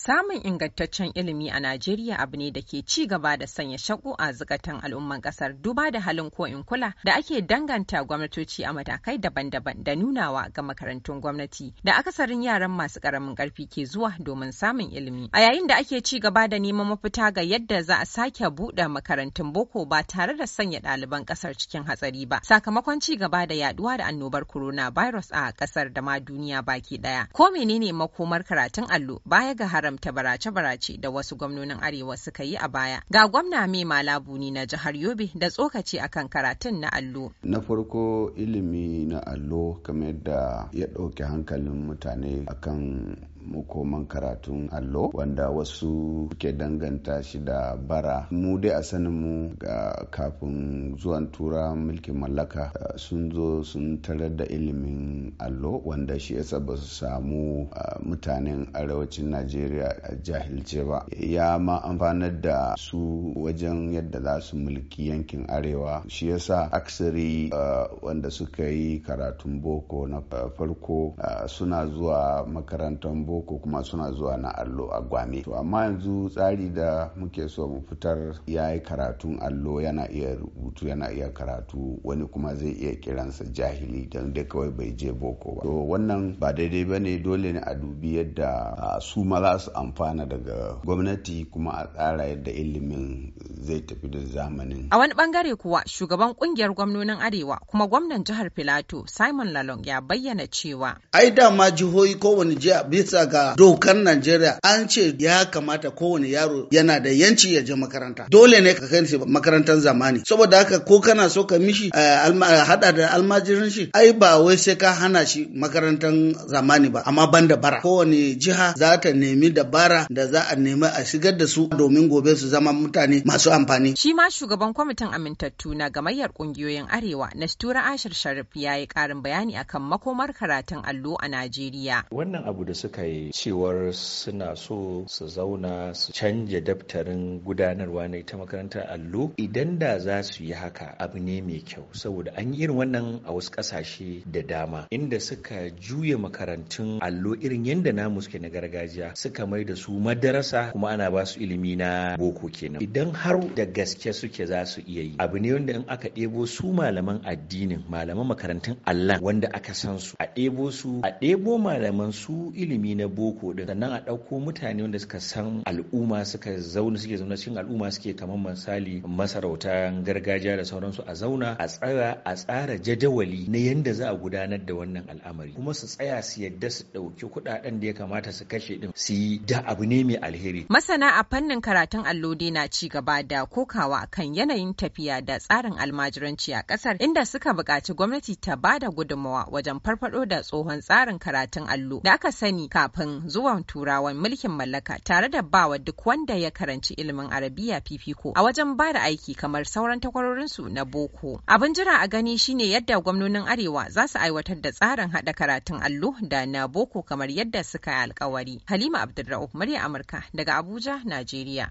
Samun ingantaccen ilimi a Najeriya abu ne da ke ci gaba da sanya shaku a zukatan al'umman ƙasar duba da halin ko in kula da ake danganta gwamnatoci a matakai daban-daban da nunawa ga makarantun gwamnati da akasarin yaran masu karamin karfi ke zuwa domin samun ilimi. A yayin da ake ci gaba da neman mafita ga yadda za a sake buɗe makarantun boko ba tare da sanya ɗaliban ƙasar cikin hatsari ba sakamakon ci gaba da yaɗuwa da annobar Corona Virus a ƙasar da ma duniya baki ɗaya. Ko menene makomar karatun allo baya ga haram haramta barace-barace da wasu gwamnonin Arewa suka yi a baya. Ga gwamna mai malabuni na jihar Yobe da tsokaci akan karatun na allo. Na farko ilimi na allo kamar yadda ya ɗauki hankalin mutane akan makoman karatun allo wanda wasu ke danganta shi da bara mu dai a sanin mu ga kafin zuwan tura mulkin mallaka eh, sun zo sun tarar da ilimin allo wanda shi yasa ba su samu eh, mutanen arewacin najeriya a jahilce ba ya ma amfanar da su wajen yadda za su mulki yankin arewa shi yasa aksari eh, wanda suka yi karatun boko na farko suna zuwa makarantar boko ko kuma suna zuwa na allo a gwame to amma yanzu tsari da muke so mu fitar ya yi karatun allo yana iya rubutu yana iya karatu wani kuma zai iya kiransa jahili don dai kawai bai je boko ba to wannan ba daidai ba ne dole ne a dubi yadda su ma za su amfana daga gwamnati kuma a tsara yadda ilimin zai tafi da zamanin a wani bangare kuwa shugaban kungiyar gwamnonin arewa kuma gwamnan jihar filato simon lalong ya bayyana cewa ai dama jihohi kowane jiha bisa bisa ga dokar Najeriya an ce ya kamata kowane yaro yana da yanci ya je makaranta. Dole ne ka kai makarantar zamani. Saboda haka ko kana so ka mishi eh, eh, hada da almajirin shi ai ba wai sai ka hana shi makarantar zamani ba amma ban da bara. Kowane jiha za ta nemi dabara da za a nemi a shigar da su domin gobe su zama mutane masu amfani. Shi ma shugaban kwamitin amintattu na gamayyar kungiyoyin Arewa Nastura Ashir Sharif ya yi karin bayani akan makomar karatun allo a Najeriya. Wannan abu da suka yi kai cewar suna so su zauna su canja daftarin gudanarwa na ita makarantar allo idan da za su yi haka abu ne mai kyau saboda an yi irin wannan a wasu ƙasashe da dama inda suka juya makarantun allo irin yadda namu suke na gargajiya suka mai da su madarasa kuma ana ba su ilimi na boko kenan idan har da gaske suke za su iya yi abu ne wanda in aka ɗebo su malaman addinin malaman makarantun allan wanda aka san su a ɗebo su a ɗebo malaman su ilimi na boko din sannan a ɗauko mutane wanda suka san al'umma suka zauna suke zauna cikin al'umma suke kamar misali masarautan gargajiya da sauransu a zauna a tsara a tsara jadawali na yanda za a gudanar da wannan al'amari kuma su tsaya su yadda su ɗauki kuɗaɗen da ya kamata su kashe din su yi da abu ne mai alheri masana a fannin karatun allode na ci gaba da kokawa kan yanayin tafiya da tsarin almajiranci a ƙasar inda suka buƙaci gwamnati ta ba da gudunmawa wajen farfado da tsohon tsarin karatun allo da aka sani kafin kafin zuwan turawan mulkin mallaka tare da bawa duk wanda ya karanci ilimin arabiya fifiko a wajen ba da aiki kamar sauran takwarorinsu na boko abin jira a gani shine yadda gwamnonin arewa za su aiwatar da tsarin haɗa karatun allo da na boko kamar yadda suka yi alkawari halima Abdurra'u, murya amurka daga abuja najeriya